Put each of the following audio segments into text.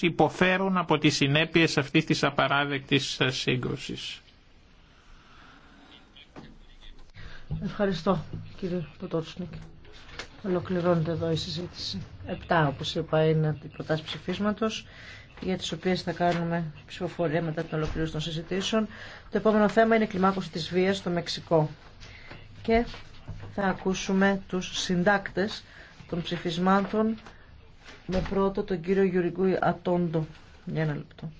υποφέρουν από τις συνέπειες αυτής της απαράδεκτης σύγκρουσης. Ευχαριστώ κύριε Ποτότσνικ. Ολοκληρώνεται εδώ η συζήτηση. Επτά όπως είπα είναι την προτάση ψηφίσματος για τις οποίες θα κάνουμε ψηφοφορία μετά την ολοκλήρωση των συζητήσεων. Το επόμενο θέμα είναι η κλιμάκωση της βίας στο Μεξικό. Και θα ακούσουμε τους συντάκτες των ψηφισμάτων με πρώτο τον κύριο Γιουρικού Ατόντο. Για ένα λεπτό.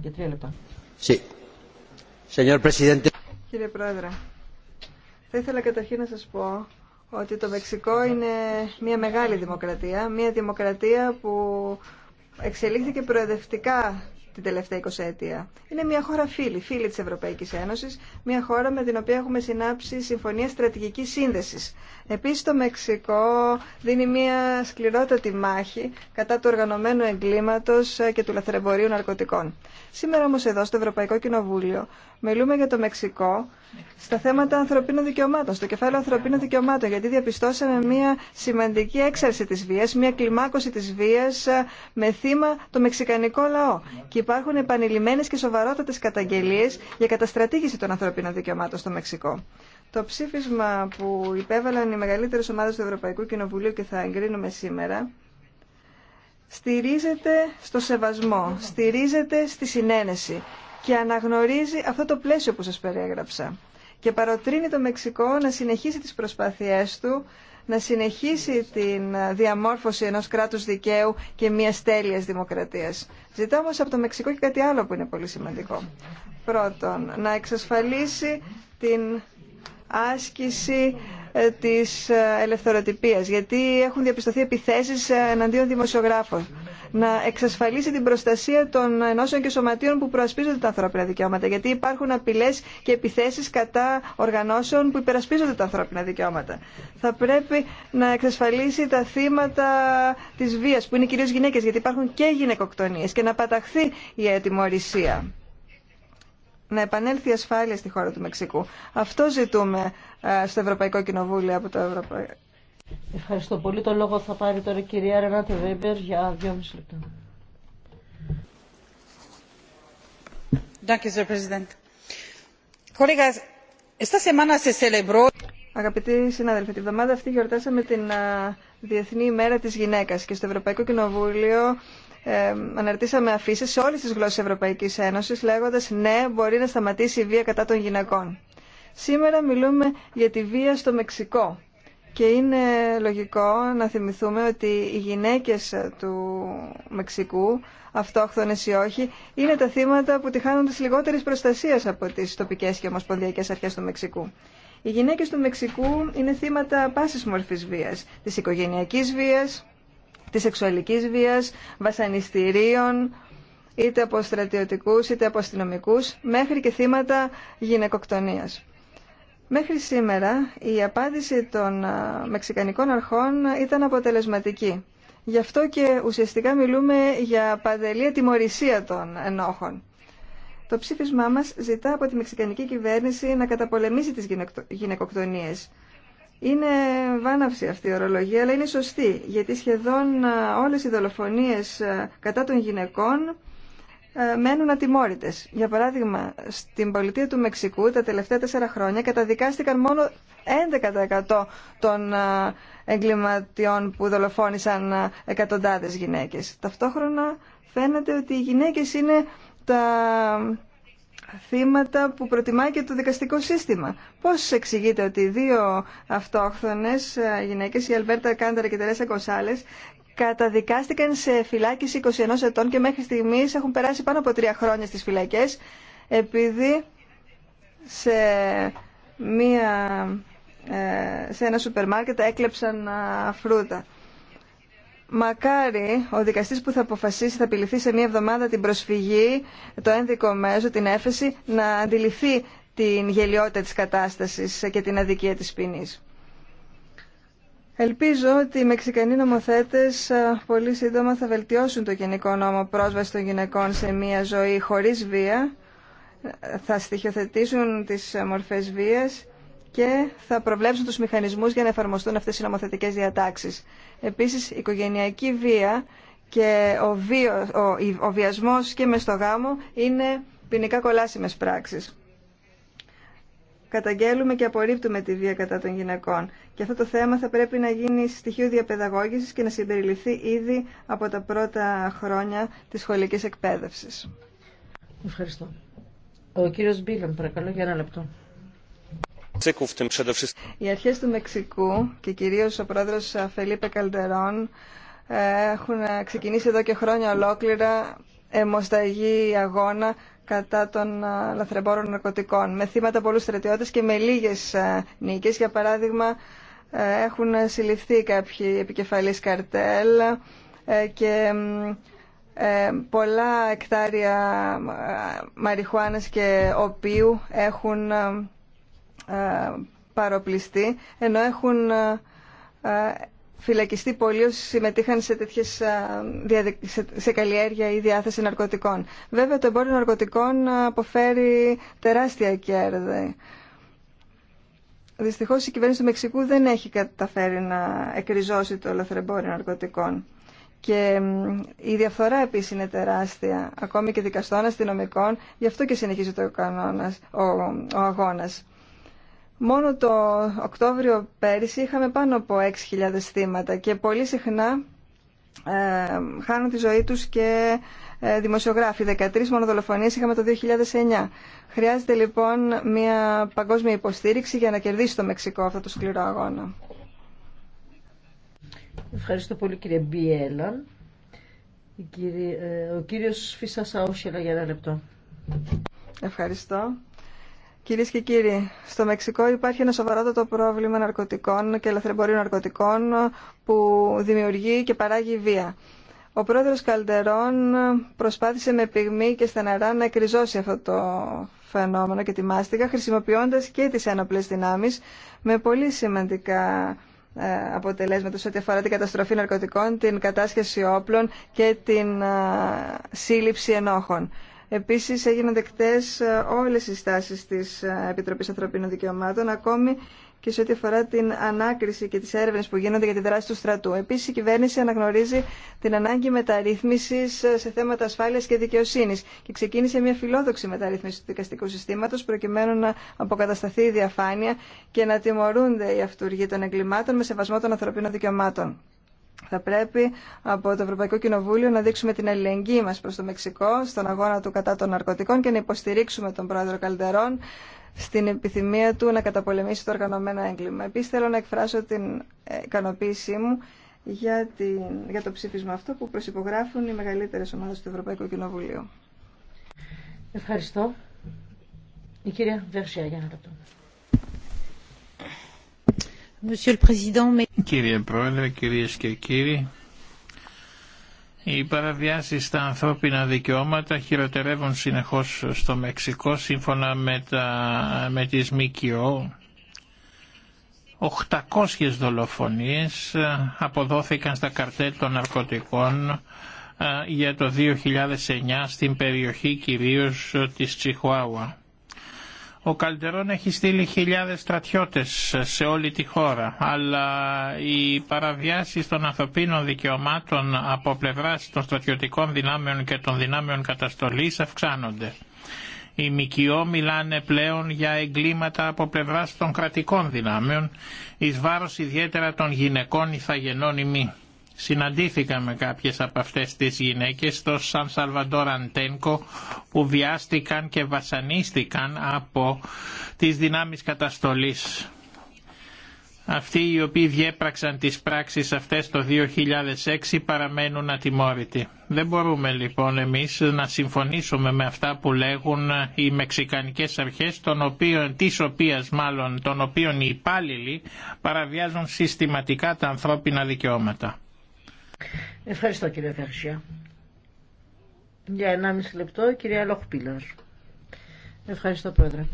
Για τρία λεπτά. Sí. Señor Presidente. Κύριε Πρόεδρε, θα ήθελα καταρχήν να σας πω ότι το Μεξικό είναι μια μεγάλη δημοκρατία, μια δημοκρατία που εξελίχθηκε προεδευτικά την τελευταία 20 Είναι μια χώρα φίλη, φίλη της Ευρωπαϊκής Ένωσης, μια χώρα με την οποία έχουμε συνάψει συμφωνία στρατηγικής σύνδεσης. Επίσης το Μεξικό δίνει μια σκληρότατη μάχη κατά του οργανωμένου εγκλήματος και του λαθρεμπορίου ναρκωτικών. Σήμερα όμως εδώ στο Ευρωπαϊκό Κοινοβούλιο μιλούμε για το Μεξικό στα θέματα ανθρωπίνων δικαιωμάτων, στο κεφάλαιο ανθρωπίνων δικαιωμάτων, γιατί διαπιστώσαμε μια σημαντική έξαρση της βίας, μια κλιμάκωση της βίας ε, με θύμα το μεξικανικό λαό. Και υπάρχουν επανειλημμένες και σοβαρότατες καταγγελίες για καταστρατήγηση των ανθρωπίνων δικαιωμάτων στο Μεξικό. Το ψήφισμα που υπέβαλαν οι μεγαλύτερε ομάδε του Ευρωπαϊκού Κοινοβουλίου και θα εγκρίνουμε σήμερα στηρίζεται στο σεβασμό, στηρίζεται στη συνένεση και αναγνωρίζει αυτό το πλαίσιο που σας περιέγραψα και παροτρύνει το Μεξικό να συνεχίσει τις προσπάθειές του να συνεχίσει την διαμόρφωση ενός κράτους δικαίου και μιας τέλειας δημοκρατίας. Ζητά όμως από το Μεξικό και κάτι άλλο που είναι πολύ σημαντικό. Πρώτον, να εξασφαλίσει την άσκηση ε, της ε, ελευθεροτυπίας, γιατί έχουν διαπιστωθεί επιθέσεις ε, εναντίον δημοσιογράφων να εξασφαλίσει την προστασία των ενώσεων και σωματείων που προασπίζονται τα ανθρώπινα δικαιώματα. Γιατί υπάρχουν απειλέ και επιθέσει κατά οργανώσεων που υπερασπίζονται τα ανθρώπινα δικαιώματα. Θα πρέπει να εξασφαλίσει τα θύματα τη βία, που είναι κυρίω γυναίκε, γιατί υπάρχουν και γυναικοκτονίε, και να παταχθεί η ετοιμορρησία. να επανέλθει η ασφάλεια στη χώρα του Μεξικού. Αυτό ζητούμε ε, στο Ευρωπαϊκό Κοινοβούλιο από το, Ευρωπαϊκό. Ευχαριστώ πολύ. Το λόγο θα πάρει τώρα η κυρία Ρενάτε Βέμπερ για δύο μισή λεπτά. Αγαπητοί συνάδελφοι, τη βδομάδα αυτή γιορτάσαμε την Διεθνή ημέρα της γυναίκας και στο Ευρωπαϊκό Κοινοβούλιο ε, αναρτήσαμε αφήσει σε όλες τις γλώσσες Ευρωπαϊκής Ένωσης λέγοντας «Ναι, μπορεί να σταματήσει η βία κατά των γυναικών». Σήμερα μιλούμε για τη βία στο Μεξικό και είναι λογικό να θυμηθούμε ότι οι γυναίκες του Μεξικού, αυτόχθονες ή όχι, είναι τα θύματα που τη χάνουν τις λιγότερες προστασίες από τις τοπικές και ομοσπονδιακές αρχές του Μεξικού. Οι γυναίκες του Μεξικού είναι θύματα πάσης μορφής βίας, της οικογενειακής βίας, της σεξουαλικής βίας, βασανιστήριων, είτε από στρατιωτικούς είτε από αστυνομικού, μέχρι και θύματα γυναικοκτονίας. Μέχρι σήμερα η απάντηση των μεξικανικών αρχών ήταν αποτελεσματική. Γι' αυτό και ουσιαστικά μιλούμε για παντελή ατιμορρησία των ενόχων. Το ψήφισμά μας ζητά από τη μεξικανική κυβέρνηση να καταπολεμήσει τις γυναικοκτονίες. Είναι βάναυση αυτή η ορολογία, αλλά είναι σωστή, γιατί σχεδόν όλες οι δολοφονίες κατά των γυναικών ε, μένουν ατιμόρυτε. Για παράδειγμα, στην πολιτεία του Μεξικού τα τελευταία τέσσερα χρόνια καταδικάστηκαν μόνο 11% των ε, εγκληματιών που δολοφόνησαν ε, εκατοντάδες γυναίκες. Ταυτόχρονα φαίνεται ότι οι γυναίκες είναι τα θύματα που προτιμάει και το δικαστικό σύστημα. Πώς εξηγείτε ότι δύο αυτόχθονες γυναίκες, η Αλβέρτα Κάνταρα και η Τερέσα Κοσάλες, καταδικάστηκαν σε φυλάκιση 21 ετών και μέχρι στιγμής έχουν περάσει πάνω από τρία χρόνια στις φυλακές επειδή σε, μία, ε, σε ένα σούπερ μάρκετ έκλεψαν φρούτα. Μακάρι ο δικαστής που θα αποφασίσει, θα απειληθεί σε μία εβδομάδα την προσφυγή, το ένδικο μέσο, την έφεση, να αντιληφθεί την γελιότητα της κατάστασης και την αδικία της ποινής. Ελπίζω ότι οι Μεξικανοί νομοθέτες πολύ σύντομα θα βελτιώσουν το γενικό νόμο πρόσβαση των γυναικών σε μια ζωή χωρίς βία, θα στοιχειοθετήσουν τις ε, μορφές βίας και θα προβλέψουν τους μηχανισμούς για να εφαρμοστούν αυτές οι νομοθετικέ διατάξεις. Επίσης, η οικογενειακή βία και ο, βιο, ο, ο βιασμός και με στο γάμο είναι ποινικά κολάσιμες πράξεις καταγγέλουμε και απορρίπτουμε τη βία κατά των γυναικών. Και αυτό το θέμα θα πρέπει να γίνει στοιχείο διαπαιδαγώγησης και να συμπεριληφθεί ήδη από τα πρώτα χρόνια της σχολικής εκπαίδευσης. Ευχαριστώ. Ο κύριος Μπίλαν, παρακαλώ, για ένα λεπτό. Οι αρχές του Μεξικού και κυρίως ο πρόεδρος Φελίπε Καλτερών ε, έχουν ξεκινήσει εδώ και χρόνια ολόκληρα αιμοσταγή αγώνα κατά των λαθρεμπόρων ναρκωτικών με θύματα πολλούς στρατιώτες και με λίγες νίκες. Για παράδειγμα έχουν συλληφθεί κάποιοι επικεφαλής καρτέλ και ε, πολλά εκτάρια μαριχουάνας και οποίου έχουν παροπλιστεί ενώ έχουν φυλακιστεί πολλοί όσοι συμμετείχαν σε, τέτοιες, σε, καλλιέργεια ή διάθεση ναρκωτικών. Βέβαια το εμπόριο ναρκωτικών αποφέρει τεράστια κέρδη. Δυστυχώς η κυβέρνηση του Μεξικού δεν έχει καταφέρει να εκριζώσει το εμποριο ναρκωτικων αποφερει τεραστια κερδη Δυστυχώ η κυβερνηση του ναρκωτικών. Και η διαφθορά επίσης είναι τεράστια, ακόμη και δικαστών αστυνομικών, γι' αυτό και συνεχίζεται ο, ο Μόνο το Οκτώβριο πέρυσι είχαμε πάνω από 6.000 θύματα και πολύ συχνά ε, χάνουν τη ζωή τους και ε, δημοσιογράφοι. 13 μονοδολοφονίες είχαμε το 2009. Χρειάζεται λοιπόν μια παγκόσμια υποστήριξη για να κερδίσει το Μεξικό αυτό το σκληρό αγώνα. Ευχαριστώ πολύ κύριε Μπιέλα. Ε, ο κύριος Φίσσα για ένα λεπτό. Ευχαριστώ. Κυρίε και κύριοι, στο Μεξικό υπάρχει ένα σοβαρότατο πρόβλημα ναρκωτικών και ελευθερμπορείων ναρκωτικών που δημιουργεί και παράγει βία. Ο πρόεδρο Καλτερών προσπάθησε με πυγμή και στεναρά να εκριζώσει αυτό το φαινόμενο και τη μάστιγα, χρησιμοποιώντα και τι ένοπλε δυνάμει με πολύ σημαντικά ε, αποτελέσματα σε ό,τι αφορά την καταστροφή ναρκωτικών, την κατάσχεση όπλων και την ε, σύλληψη ενόχων. Επίσης έγιναν δεκτές ε, όλες οι στάσεις της ε, Επιτροπής Ανθρωπίνων Δικαιωμάτων, ακόμη και σε ό,τι αφορά την ανάκριση και τις έρευνες που γίνονται για τη δράση του στρατού. Επίσης η κυβέρνηση αναγνωρίζει την ανάγκη μεταρρύθμισης ε, σε θέματα ασφάλειας και δικαιοσύνης και ξεκίνησε μια φιλόδοξη μεταρρύθμιση του δικαστικού συστήματος προκειμένου να αποκατασταθεί η διαφάνεια και να τιμωρούνται οι αυτούργοι των εγκλημάτων με σεβασμό των ανθρωπίνων δικαιωμάτων. Θα πρέπει από το Ευρωπαϊκό Κοινοβούλιο να δείξουμε την αλληλεγγύη μας προς το Μεξικό στον αγώνα του κατά των ναρκωτικών και να υποστηρίξουμε τον πρόεδρο Καλντερών στην επιθυμία του να καταπολεμήσει το οργανωμένο έγκλημα. Επίση, θέλω να εκφράσω την ε, ικανοποίησή μου για, την, για το ψήφισμα αυτό που προσυπογράφουν οι μεγαλύτερε ομάδε του Ευρωπαϊκού Κοινοβουλίου. Ευχαριστώ. Η κυρία Βερσία για να Κύριε Πρόεδρε, κυρίες και κύριοι, οι παραβιάσεις στα ανθρώπινα δικαιώματα χειροτερεύουν συνεχώς στο Μεξικό σύμφωνα με, τα, με τις ΜΚΟ. 800 δολοφονίες αποδόθηκαν στα καρτέ των ναρκωτικών ε, για το 2009 στην περιοχή κυρίως της Τσιχουάουα. Ο Καλτερόν έχει στείλει χιλιάδες στρατιώτες σε όλη τη χώρα, αλλά οι παραβιάσεις των ανθρωπίνων δικαιωμάτων από πλευράς των στρατιωτικών δυνάμεων και των δυνάμεων καταστολής αυξάνονται. Οι ΜΚΟ μιλάνε πλέον για εγκλήματα από πλευράς των κρατικών δυνάμεων, εις βάρος ιδιαίτερα των γυναικών ηθαγενών ημί. Συναντήθηκα με κάποιες από αυτές τις γυναίκες στο Σαν Σαλβαντόρ Αντένκο που βιάστηκαν και βασανίστηκαν από τις δυνάμεις καταστολής. Αυτοί οι οποίοι διέπραξαν τις πράξεις αυτές το 2006 παραμένουν ατιμόρυτοι. Δεν μπορούμε λοιπόν εμείς να συμφωνήσουμε με αυτά που λέγουν οι μεξικανικές αρχές, των οποίων, οποίας μάλλον, των οποίων οι υπάλληλοι παραβιάζουν συστηματικά τα ανθρώπινα δικαιώματα. Ευχαριστώ κύριε Βερσιά. Για 1,5 λεπτό η κυρία Λοχπίλερ. Ευχαριστώ πρόεδρε.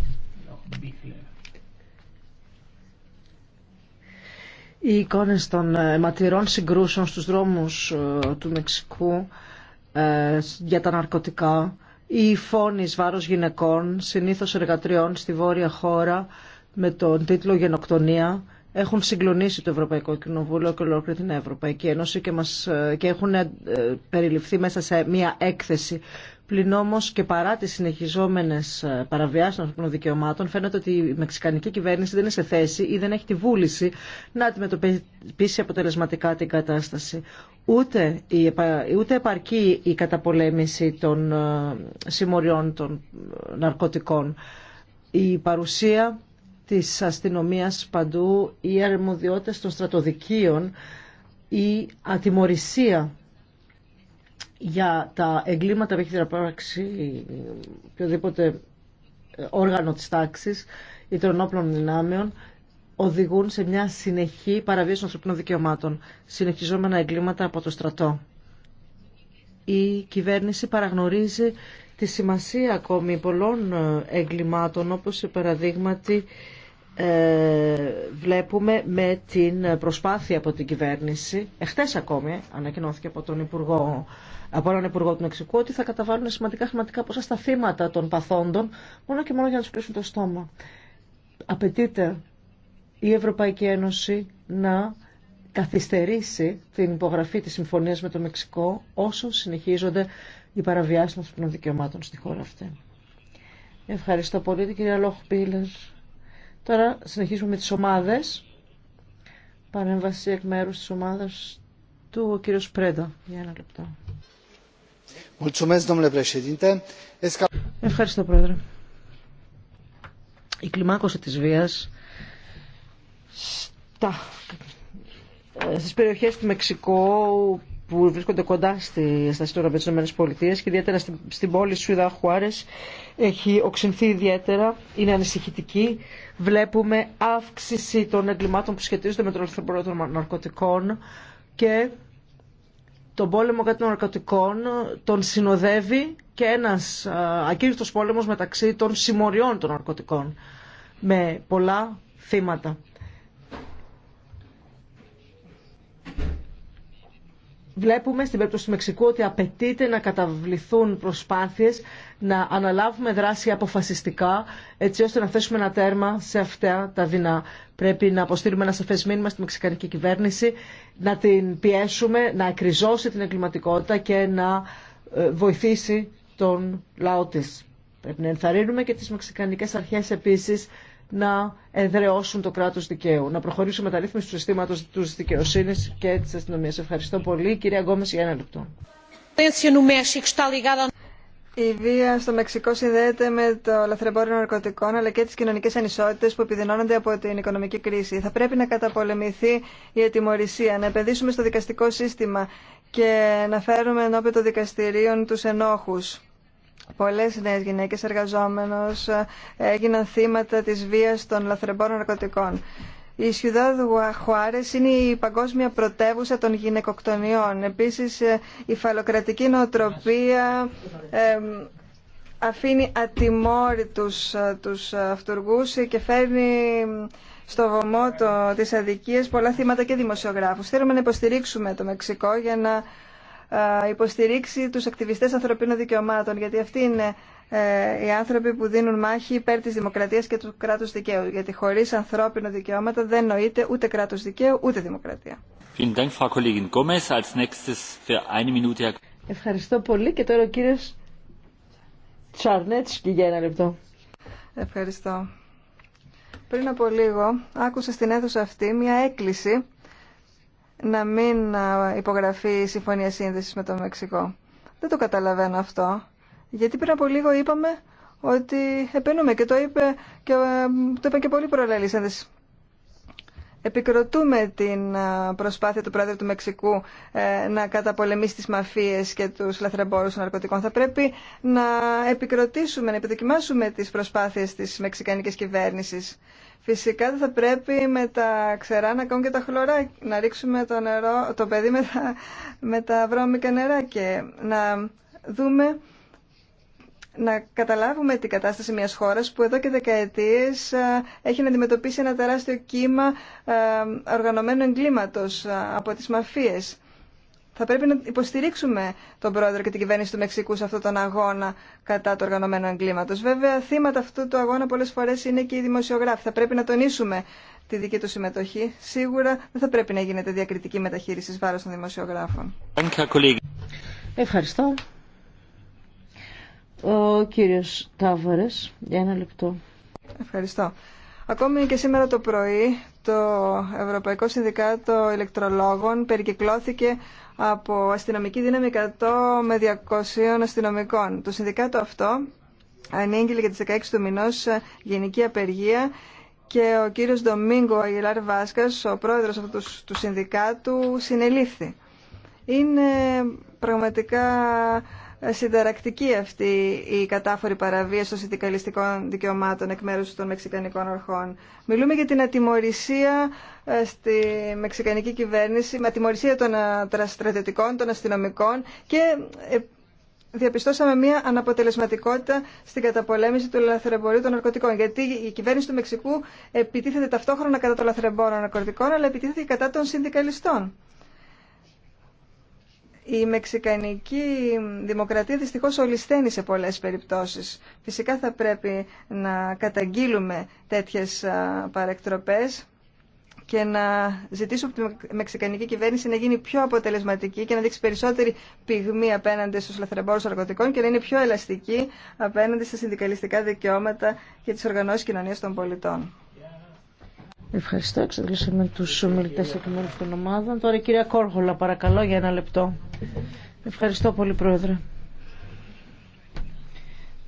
Οι εικόνες των αιματηρών ε, συγκρούσεων στους δρόμους ε, του Μεξικού ε, για τα ναρκωτικά ή φόνη βάρος γυναικών, συνήθως εργατριών στη βόρεια χώρα με τον τίτλο «Γενοκτονία» έχουν συγκλονίσει το Ευρωπαϊκό Κοινοβούλιο και ολόκληρη την Ευρωπαϊκή Ένωση και, μας, ε, και έχουν ε, περιληφθεί μέσα σε μία έκθεση. Πλην όμω και παρά τι συνεχιζόμενε ε, παραβιάσει των δικαιωμάτων, φαίνεται ότι η μεξικανική κυβέρνηση δεν είναι σε θέση ή δεν έχει τη βούληση να αντιμετωπίσει αποτελεσματικά την κατάσταση. Ούτε, η, ούτε επαρκεί η καταπολέμηση των συμμοριών των ναρκωτικών. Η παρουσία της αστυνομίας παντού, οι αρμοδιότητες των στρατοδικείων, η ατιμορρησία για τα εγκλήματα που έχει διαπράξει οποιοδήποτε όργανο της τάξης ή των όπλων δυνάμεων οδηγούν σε μια συνεχή παραβίαση των ανθρωπίνων δικαιωμάτων, συνεχιζόμενα εγκλήματα από το στρατό. Η κυβέρνηση παραγνωρίζει τη σημασία ακόμη πολλών ε, εγκλημάτων όπως σε παραδείγματι ε, βλέπουμε με την προσπάθεια από την κυβέρνηση εχθές ακόμη ε, ανακοινώθηκε από τον Υπουργό από έναν Υπουργό του Μεξικού ότι θα καταβάλουν σημαντικά χρηματικά ποσά στα θύματα των παθόντων μόνο και μόνο για να τους πλήσουν το στόμα απαιτείται η Ευρωπαϊκή Ένωση να καθυστερήσει την υπογραφή της συμφωνίας με το Μεξικό όσο συνεχίζονται ...η παραβιάση των αυτοπινών δικαιωμάτων στη χώρα αυτή. Ευχαριστώ πολύ την κυρία Λόχ Πίλερ. Τώρα συνεχίζουμε με τις ομάδες. Παρέμβαση εκ μέρους της ομάδας του ο κύριος Πρέντα. Για ένα λεπτό. Ευχαριστώ πρόεδρε. Η κλιμάκωση της βίας στα στις περιοχές του Μεξικού που βρίσκονται κοντά στη, στα σύνορα με τι ΗΠΑ και ιδιαίτερα στην, πόλη Σουηδά Χουάρε έχει οξυνθεί ιδιαίτερα, είναι ανησυχητική. Βλέπουμε αύξηση των εγκλημάτων που σχετίζονται με τον θεμποριό των ναρκωτικών και τον πόλεμο κατά των ναρκωτικών τον συνοδεύει και ένας ακύρωτο πόλεμος μεταξύ των συμμοριών των ναρκωτικών με πολλά θύματα. βλέπουμε στην περίπτωση του Μεξικού ότι απαιτείται να καταβληθούν προσπάθειες να αναλάβουμε δράση αποφασιστικά έτσι ώστε να θέσουμε ένα τέρμα σε αυτά τα δεινά. Πρέπει να αποστείλουμε ένα σαφές μήνυμα στη μεξικανική κυβέρνηση, να την πιέσουμε, να εκριζώσει την εγκληματικότητα και να ε, βοηθήσει τον λαό της. Πρέπει να ενθαρρύνουμε και τις μεξικανικές αρχές επίσης να εδραιώσουν το κράτο δικαίου, να προχωρήσουν ρύθμιση του συστήματο τη δικαιοσύνη και τη αστυνομία. Ευχαριστώ πολύ. Κυρία Γκόμε, για ένα λεπτό. Η βία στο Μεξικό συνδέεται με το λαθρεμπόριο ναρκωτικών αλλά και τι κοινωνικέ ανισότητε που επιδεινώνονται από την οικονομική κρίση. Θα πρέπει να καταπολεμηθεί η ετοιμορρησία, να επενδύσουμε στο δικαστικό σύστημα και να φέρουμε ενώπιον των δικαστηρίων του ενόχου. Πολλές νέες γυναίκες εργαζόμενος έγιναν θύματα της βίας των λαθρεμπόρων ναρκωτικών. Η Σιουδάδ Χουάρε είναι η παγκόσμια πρωτεύουσα των γυναικοκτονιών. Επίσης, ε, η φαλοκρατική νοοτροπία αφήνει ατιμόρυτους ε, τους αυτουργού και φέρνει στο βωμό το, της αδικίας πολλά θύματα και δημοσιογράφους. Θέλουμε να υποστηρίξουμε το Μεξικό για να ε, υποστηρίξει τους ακτιβιστές ανθρωπίνων δικαιωμάτων, γιατί αυτοί είναι ε, οι άνθρωποι που δίνουν μάχη υπέρ της δημοκρατίας και του κράτους δικαίου, γιατί χωρίς ανθρώπινα δικαιώματα δεν νοείται ούτε κράτος δικαίου ούτε δημοκρατία. Ευχαριστώ πολύ και τώρα ο κύριος Τσαρνέτσκι για ένα λεπτό. Ευχαριστώ. Πριν από λίγο άκουσα στην αίθουσα αυτή μια έκκληση να μην υπογραφεί η Συμφωνία σύνδεση με το Μεξικό. Δεν το καταλαβαίνω αυτό, γιατί πριν από λίγο είπαμε ότι επενούμε και το, είπε, και, ε, το είπε και πολλοί προλαλήσαντε. Επικροτούμε την προσπάθεια του πρόεδρου του Μεξικού ε, να καταπολεμήσει τις μαφίες και τους λαθρεμπόρους των ναρκωτικών. Θα πρέπει να επικροτήσουμε, να επιδοκιμάσουμε τις προσπάθειες της μεξικανικής κυβέρνησης Φυσικά θα πρέπει με τα ξερά να κάνουμε και τα χλωρά, να ρίξουμε το, νερό, το παιδί με τα, βρώμικα νερά και να δούμε, να καταλάβουμε την κατάσταση μιας χώρας που εδώ και δεκαετίες ε, έχει να αντιμετωπίσει ένα τεράστιο κύμα ε, οργανωμένου εγκλήματος ε, από τις μαφίες. Θα πρέπει να υποστηρίξουμε τον πρόεδρο και την κυβέρνηση του Μεξικού σε αυτόν τον αγώνα κατά του οργανωμένο εγκλήματο. Βέβαια, θύματα αυτού του αγώνα πολλέ φορέ είναι και οι δημοσιογράφοι. Θα πρέπει να τονίσουμε τη δική του συμμετοχή. Σίγουρα δεν θα πρέπει να γίνεται διακριτική μεταχείριση βάρο των δημοσιογράφων. Ευχαριστώ. Ο για ένα λεπτό. Ευχαριστώ. Ακόμη και σήμερα το πρωί το Ευρωπαϊκό Συνδικάτο Ελεκτρολόγων περικυκλώθηκε από αστυνομική δύναμη 100 με 200 αστυνομικών. Το συνδικάτο αυτό ανήγγειλε για τις 16 του μηνός ε, γενική απεργία και ο κύριος Ντομίνγκο Αγιλάρ Βάσκας, ο πρόεδρος αυτού του συνδικάτου, συνελήφθη. Είναι πραγματικά συνταρακτική αυτή η κατάφορη παραβίαση των συνδικαλιστικών δικαιωμάτων εκ μέρους των μεξικανικών αρχών. Μιλούμε για την ατιμορρησία ε, στη μεξικανική κυβέρνηση, με ατιμορρησία των ε, στρατιωτικών, των αστυνομικών και ε, διαπιστώσαμε μια αναποτελεσματικότητα στην καταπολέμηση του λαθρεμπορίου των ναρκωτικών. Γιατί η κυβέρνηση του Μεξικού επιτίθεται ταυτόχρονα κατά των λαθρεμπόρων ναρκωτικών, αλλά επιτίθεται και κατά των συνδικαλιστών. Η Μεξικανική Δημοκρατία δυστυχώς ολισθαίνει σε πολλές περιπτώσεις. Φυσικά θα πρέπει να καταγγείλουμε τέτοιες παρεκτροπές και να ζητήσουμε από τη μεξικανική κυβέρνηση να γίνει πιο αποτελεσματική και να δείξει περισσότερη πυγμή απέναντι στους λαθρεμπόρους αρκωτικών και να είναι πιο ελαστική απέναντι στα συνδικαλιστικά δικαιώματα και τις οργανώσεις κοινωνίας των πολιτών. Ευχαριστώ. Εξαντλήσαμε του ομιλητέ εκ μέρου των ομάδων. Τώρα η κυρία Κόρχολα, παρακαλώ, για ένα λεπτό. Ευχαριστώ πολύ, Πρόεδρε.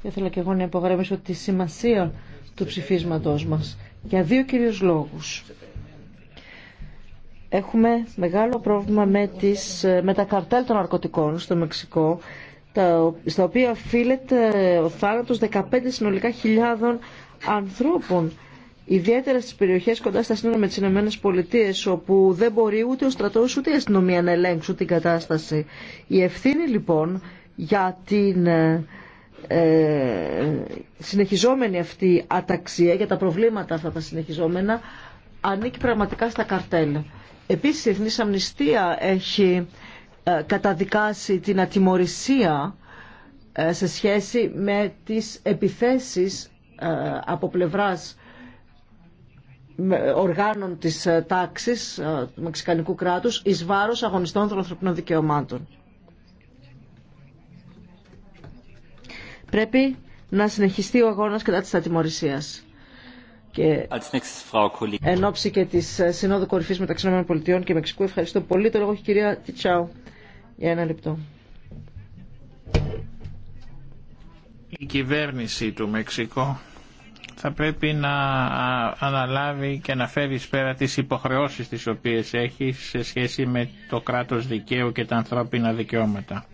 Θα ήθελα και εγώ να υπογραμμίσω τη σημασία του ψηφίσματό μα για δύο κυρίω λόγου. Έχουμε μεγάλο πρόβλημα με, τις, με τα καρτέλ των ναρκωτικών στο Μεξικό, τα, στα οποία οφείλεται ο θάνατος 15 συνολικά χιλιάδων ανθρώπων Ιδιαίτερα στι περιοχές κοντά στα σύνορα με τι ΗΠΑ, όπου δεν μπορεί ούτε ο στρατός ούτε η αστυνομία να ελέγξουν την κατάσταση. Η ευθύνη λοιπόν για την ε, ε, συνεχιζόμενη αυτή αταξία, για τα προβλήματα αυτά τα συνεχιζόμενα, ανήκει πραγματικά στα καρτέλ. Επίσης η Εθνή Αμνηστία έχει ε, καταδικάσει την ατιμορρησία σε σχέση με τις επιθέσεις από πλευράς οργάνων της ε, τάξης ε, του Μεξικανικού κράτους εις βάρος αγωνιστών των ανθρωπινών δικαιωμάτων. Πρέπει να συνεχιστεί ο αγώνας κατά της ατιμορρησίας. Και εν ώψη και της ε, Συνόδου Κορυφής μεταξύ Πολιτειών και Μεξικού ευχαριστώ πολύ. Το λόγο έχει η κυρία Τιτσάου για ένα λεπτό. Η κυβέρνηση του Μεξικού θα πρέπει να αναλάβει και να φέρει πέρα τις υποχρεώσεις τις οποίες έχει σε σχέση με το κράτος δικαίου και τα ανθρώπινα δικαιώματα.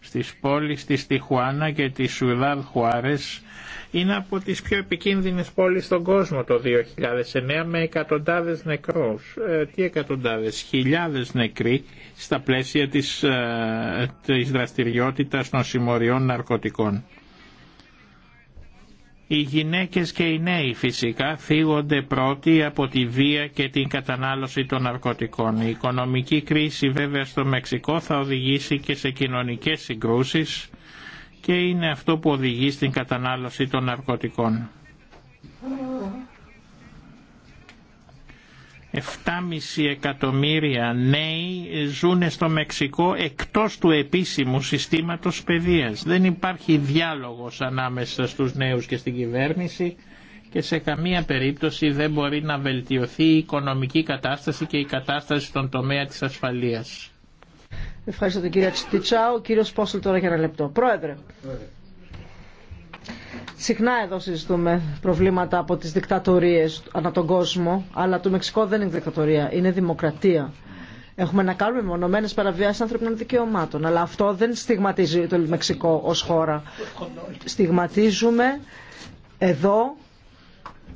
Στις πόλεις της Τιχουάνα και της Σουδάδ Χουάρες είναι από τις πιο επικίνδυνες πόλεις στον κόσμο το 2009 με εκατοντάδες νεκρούς. Ε, τι εκατοντάδες, χιλιάδες νεκροί στα πλαίσια της, ε, της δραστηριότητας των συμμοριών ναρκωτικών. Οι γυναίκες και οι νέοι φυσικά φύγονται πρώτοι από τη βία και την κατανάλωση των ναρκωτικών. Η οικονομική κρίση βέβαια στο Μεξικό θα οδηγήσει και σε κοινωνικές συγκρούσεις και είναι αυτό που οδηγεί στην κατανάλωση των ναρκωτικών. 7,5 εκατομμύρια νέοι ζουν στο Μεξικό εκτός του επίσημου συστήματος παιδείας. Δεν υπάρχει διάλογος ανάμεσα στους νέους και στην κυβέρνηση και σε καμία περίπτωση δεν μπορεί να βελτιωθεί η οικονομική κατάσταση και η κατάσταση στον τομέα της ασφαλείας. Ευχαριστώ τον κύριο Τσιτσάου. κύριος τώρα για ένα λεπτό. Πρόεδρε. Συχνά εδώ συζητούμε προβλήματα από τις δικτατορίες ανά τον κόσμο, αλλά το Μεξικό δεν είναι δικτατορία, είναι δημοκρατία. Έχουμε να κάνουμε μονομενες παραβιάσεις ανθρωπίνων δικαιωμάτων. Αλλά αυτό δεν στιγματίζει το Μεξικό ως χώρα. Στιγματίζουμε εδώ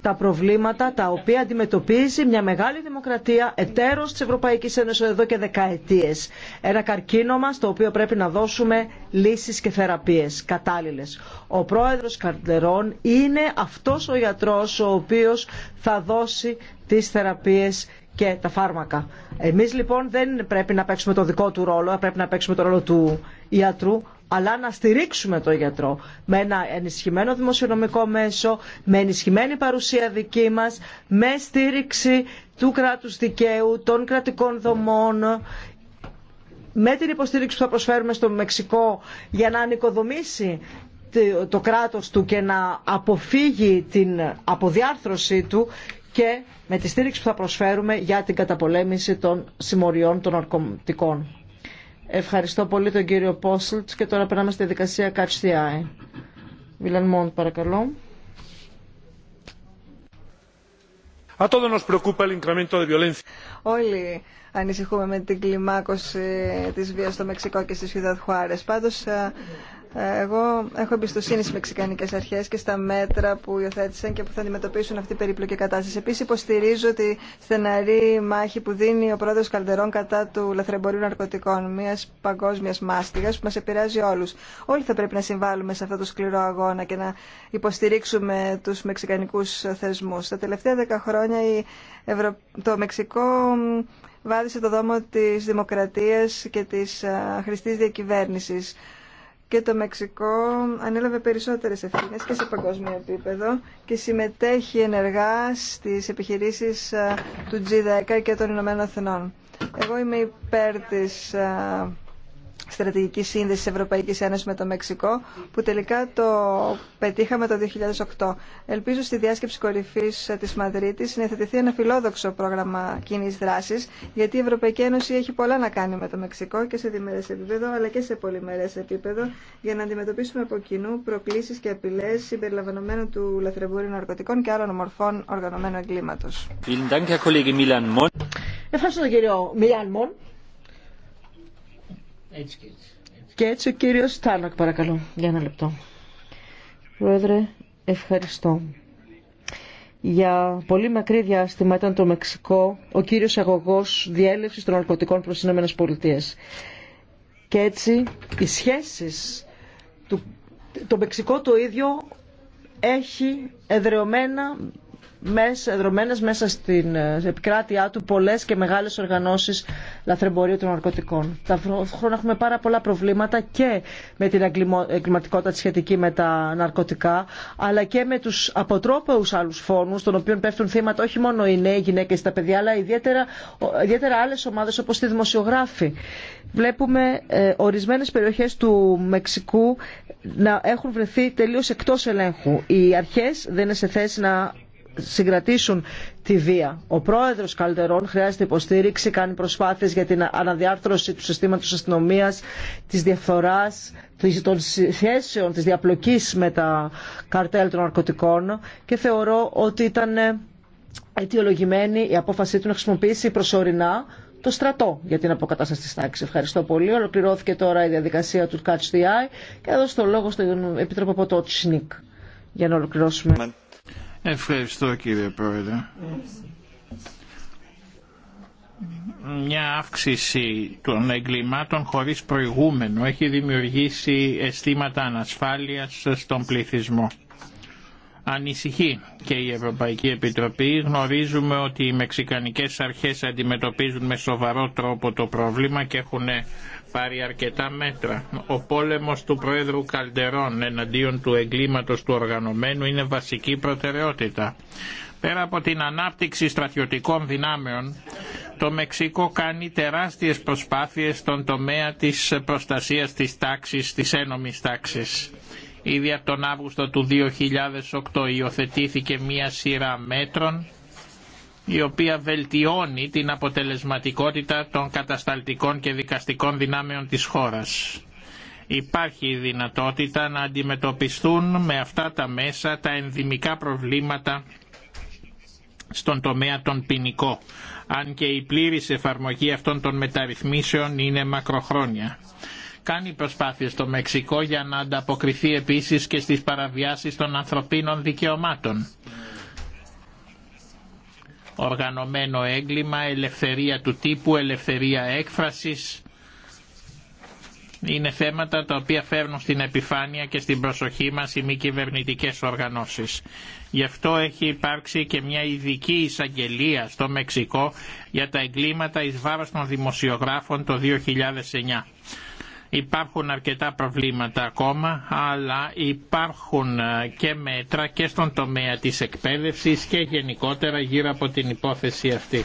τα προβλήματα τα οποία αντιμετωπίζει μια μεγάλη δημοκρατία εταίρος της Ευρωπαϊκής Ένωσης εδώ και δεκαετίες. Ένα μας στο οποίο πρέπει να δώσουμε λύσεις και θεραπείες κατάλληλες. Ο πρόεδρος Καρτερών είναι αυτός ο γιατρός ο οποίος θα δώσει τις θεραπείες και τα φάρμακα. Εμείς λοιπόν δεν πρέπει να παίξουμε το δικό του ρόλο, πρέπει να παίξουμε το ρόλο του ιατρού, αλλά να στηρίξουμε το γιατρό με ένα ενισχυμένο δημοσιονομικό μέσο, με ενισχυμένη παρουσία δική μας, με στήριξη του κράτους δικαίου, των κρατικών δομών, με την υποστήριξη που θα προσφέρουμε στο Μεξικό για να ανοικοδομήσει το κράτος του και να αποφύγει την αποδιάρθρωσή του και με τη στήριξη που θα προσφέρουμε για την καταπολέμηση των συμμοριών των αρκομτικών. Ευχαριστώ πολύ τον κύριο Πόσλτ και τώρα περνάμε στη δικασία Catch the Eye. Βίλαν Μόντ, παρακαλώ. Όλοι ανησυχούμε με την κλιμάκωση της βίας στο Μεξικό και στις Χιδαδ Πάντως ε, εγώ έχω εμπιστοσύνη στι μεξικανικέ αρχέ και στα μέτρα που υιοθέτησαν και που θα αντιμετωπίσουν αυτή την περίπλοκη κατάσταση. Επίση, υποστηρίζω τη στεναρή μάχη που δίνει ο πρόεδρο Καλτερών κατά του λαθρεμπορίου ναρκωτικών, μια παγκόσμια μάστιγα που μα επηρεάζει όλου. Όλοι θα πρέπει να συμβάλλουμε σε αυτό το σκληρό αγώνα και να υποστηρίξουμε του μεξικανικού θεσμού. Τα τελευταία δέκα χρόνια το Μεξικό βάδισε το δόμο τη δημοκρατία και τη ε, χρηστή διακυβέρνηση και το Μεξικό ανέλαβε περισσότερες ευθύνες και σε παγκόσμιο επίπεδο και συμμετέχει ενεργά στις επιχειρήσεις ε, του G10 και των Ηνωμένων Εθνών. Εγώ είμαι υπέρ της ε, στρατηγική σύνδεση Ευρωπαϊκή Ένωση με το Μεξικό, που τελικά το πετύχαμε το 2008. Ελπίζω στη διάσκεψη κορυφή τη Μαδρίτης να θετηθεί ένα φιλόδοξο πρόγραμμα κοινή δράση, γιατί η Ευρωπαϊκή Ένωση έχει πολλά να κάνει με το Μεξικό και σε διμερέ επίπεδο, αλλά και σε πολυμερέ επίπεδο, για να αντιμετωπίσουμε από κοινού προκλήσει και απειλέ συμπεριλαμβανομένων του λαθρεμπόριου ναρκωτικών και άλλων μορφών οργανωμένου εγκλήματο. Ευχαριστώ τον κύριο Μιλάν Μον και έτσι. ο κύριο Τάνακ παρακαλώ για ένα λεπτό. Πρόεδρε, ευχαριστώ. Για πολύ μακρύ διάστημα ήταν το Μεξικό ο κύριος αγωγός διέλευσης των ναρκωτικών προς τις ΗΠΑ. Και έτσι οι σχέσεις του... Το Μεξικό το ίδιο έχει εδρεωμένα μέσα, δρομένες μέσα στην ε, επικράτειά του πολλές και μεγάλες οργανώσεις λαθρεμπορίου των ναρκωτικών. Τα χρόνια έχουμε πάρα πολλά προβλήματα και με την εγκληματικότητα σχετική με τα ναρκωτικά, αλλά και με τους αποτρόπαιους άλλους φόνους, των οποίων πέφτουν θύματα όχι μόνο οι νέοι οι και τα παιδιά, αλλά ιδιαίτερα, ιδιαίτερα άλλες ομάδες όπως τη δημοσιογράφη. Βλέπουμε ε, ορισμένες περιοχές του Μεξικού να έχουν βρεθεί τελείως εκτός ελέγχου. Οι αρχές δεν είναι σε θέση να συγκρατήσουν τη βία. Ο πρόεδρο Καλτερών χρειάζεται υποστήριξη, κάνει προσπάθειε για την αναδιάρθρωση του συστήματο αστυνομία, τη διαφθορά, των σχέσεων, τη διαπλοκή με τα καρτέλ των ναρκωτικών και θεωρώ ότι ήταν αιτιολογημένη η απόφασή του να χρησιμοποιήσει προσωρινά το στρατό για την αποκατάσταση της τάξης. Ευχαριστώ πολύ. Ολοκληρώθηκε τώρα η διαδικασία του Catch the Eye και θα δώσω το λόγο στον Επίτροπο Ποτότσινικ για να ολοκληρώσουμε. Ευχαριστώ κύριε Πρόεδρε. Μια αύξηση των εγκλημάτων χωρίς προηγούμενο έχει δημιουργήσει αισθήματα ανασφάλειας στον πληθυσμό. Ανησυχεί και η Ευρωπαϊκή Επιτροπή. Γνωρίζουμε ότι οι μεξικανικές αρχές αντιμετωπίζουν με σοβαρό τρόπο το πρόβλημα και έχουν πάρει αρκετά μέτρα. Ο πόλεμος του Πρόεδρου Καλτερών, εναντίον του εγκλήματος του οργανωμένου είναι βασική προτεραιότητα. Πέρα από την ανάπτυξη στρατιωτικών δυνάμεων, το Μεξικό κάνει τεράστιες προσπάθειες στον τομέα της προστασίας της τάξης, της ένομης τάξης. Ήδη από τον Αύγουστο του 2008 υιοθετήθηκε μία σειρά μέτρων η οποία βελτιώνει την αποτελεσματικότητα των κατασταλτικών και δικαστικών δυνάμεων της χώρας. Υπάρχει η δυνατότητα να αντιμετωπιστούν με αυτά τα μέσα τα ενδυμικά προβλήματα στον τομέα των ποινικό, αν και η πλήρης εφαρμογή αυτών των μεταρρυθμίσεων είναι μακροχρόνια. Κάνει προσπάθειες στο Μεξικό για να ανταποκριθεί επίσης και στις παραβιάσεις των ανθρωπίνων δικαιωμάτων οργανωμένο έγκλημα, ελευθερία του τύπου, ελευθερία έκφρασης. Είναι θέματα τα οποία φέρνουν στην επιφάνεια και στην προσοχή μας οι μη κυβερνητικέ οργανώσεις. Γι' αυτό έχει υπάρξει και μια ειδική εισαγγελία στο Μεξικό για τα εγκλήματα εις βάρος των δημοσιογράφων το 2009. Υπάρχουν αρκετά προβλήματα ακόμα, αλλά υπάρχουν ε, και μέτρα και στον τομέα της εκπαίδευσης και γενικότερα γύρω από την υπόθεση αυτή.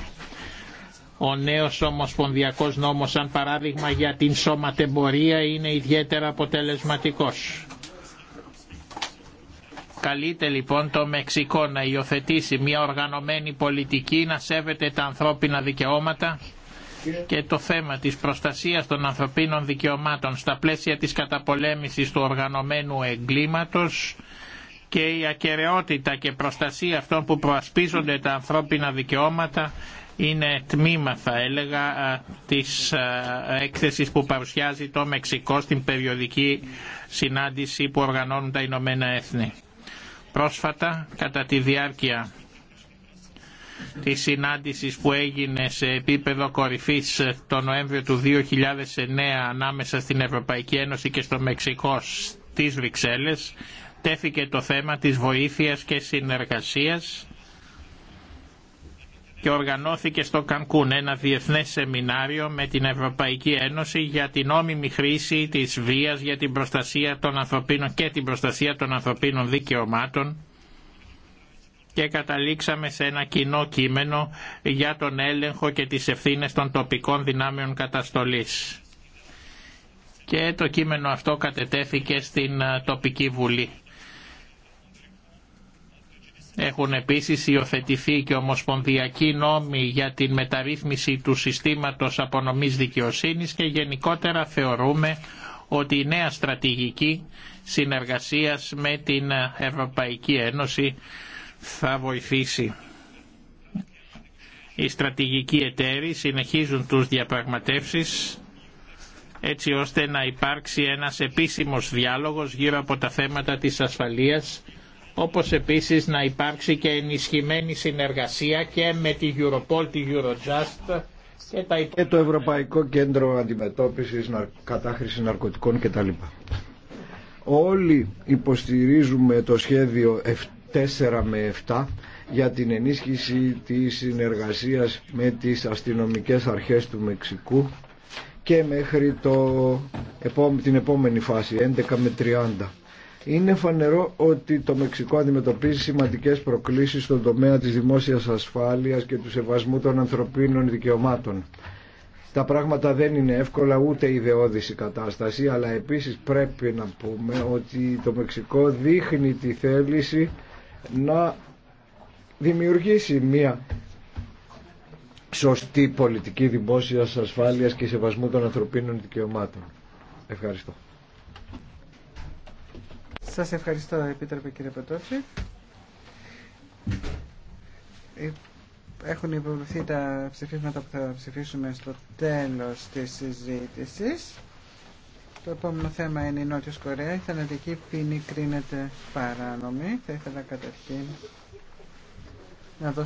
Ο νέος ομοσπονδιακός νόμος, σαν παράδειγμα για την σωματεμπορία, είναι ιδιαίτερα αποτελεσματικός. Καλείται λοιπόν το Μεξικό να υιοθετήσει μια οργανωμένη πολιτική, να σέβεται τα ανθρώπινα δικαιώματα και το θέμα της προστασίας των ανθρωπίνων δικαιωμάτων στα πλαίσια της καταπολέμησης του οργανωμένου εγκλήματος και η ακαιρεότητα και προστασία αυτών που προασπίζονται τα ανθρώπινα δικαιώματα είναι τμήμα θα έλεγα της έκθεσης που παρουσιάζει το Μεξικό στην περιοδική συνάντηση που οργανώνουν τα Ηνωμένα Έθνη. Πρόσφατα, κατά τη διάρκεια της συνάντησης που έγινε σε επίπεδο κορυφής το Νοέμβριο του 2009 ανάμεσα στην Ευρωπαϊκή Ένωση και στο Μεξικό στις Βρυξέλλες τέθηκε το θέμα της βοήθειας και συνεργασίας και οργανώθηκε στο Κανκούν ένα διεθνές σεμινάριο με την Ευρωπαϊκή Ένωση για την όμιμη χρήση της βίας για την προστασία των και την προστασία των ανθρωπίνων δικαιωμάτων και καταλήξαμε σε ένα κοινό κείμενο για τον έλεγχο και τις ευθύνες των τοπικών δυνάμεων καταστολής. Και το κείμενο αυτό κατετέθηκε στην ε, τοπική βουλή. Έχουν επίσης υιοθετηθεί και ομοσπονδιακοί νόμοι για την μεταρρύθμιση του συστήματος απονομής δικαιοσύνης και γενικότερα θεωρούμε ότι η νέα στρατηγική συνεργασίας με την Ευρωπαϊκή Ένωση θα βοηθήσει. Οι στρατηγικοί εταίροι συνεχίζουν τους διαπραγματεύσεις έτσι ώστε να υπάρξει ένας επίσημος διάλογος γύρω από τα θέματα της ασφαλείας όπως επίσης να υπάρξει και ενισχυμένη συνεργασία και με τη Europol, τη Eurojust και, τα... και το Ευρωπαϊκό Κέντρο Αντιμετώπισης Κατάχρησης Ναρκωτικών κτλ. Όλοι υποστηρίζουμε το σχέδιο 4 με 7 για την ενίσχυση της συνεργασίας με τις αστυνομικές αρχές του Μεξικού και μέχρι το, την επόμενη φάση 11 με 30. Είναι φανερό ότι το Μεξικό αντιμετωπίζει σημαντικές προκλήσεις στον τομέα της δημόσιας ασφάλειας και του σεβασμού των ανθρωπίνων δικαιωμάτων. Τα πράγματα δεν είναι εύκολα ούτε ιδεώδης η κατάσταση, αλλά επίσης πρέπει να πούμε ότι το Μεξικό δείχνει τη θέληση να δημιουργήσει μια σωστή πολιτική δημόσιας ασφάλειας και σεβασμού των ανθρωπίνων δικαιωμάτων. Ευχαριστώ. Σας ευχαριστώ Επίτροπε κύριε Πετώση. Ε, έχουν υποβληθεί τα ψηφίσματα που θα ψηφίσουμε στο τέλος της συζήτησης. Το επόμενο θέμα είναι η Νότιος Κορέα. Η θανατική ποινή κρίνεται παράνομη. Θα ήθελα καταρχήν να δώσω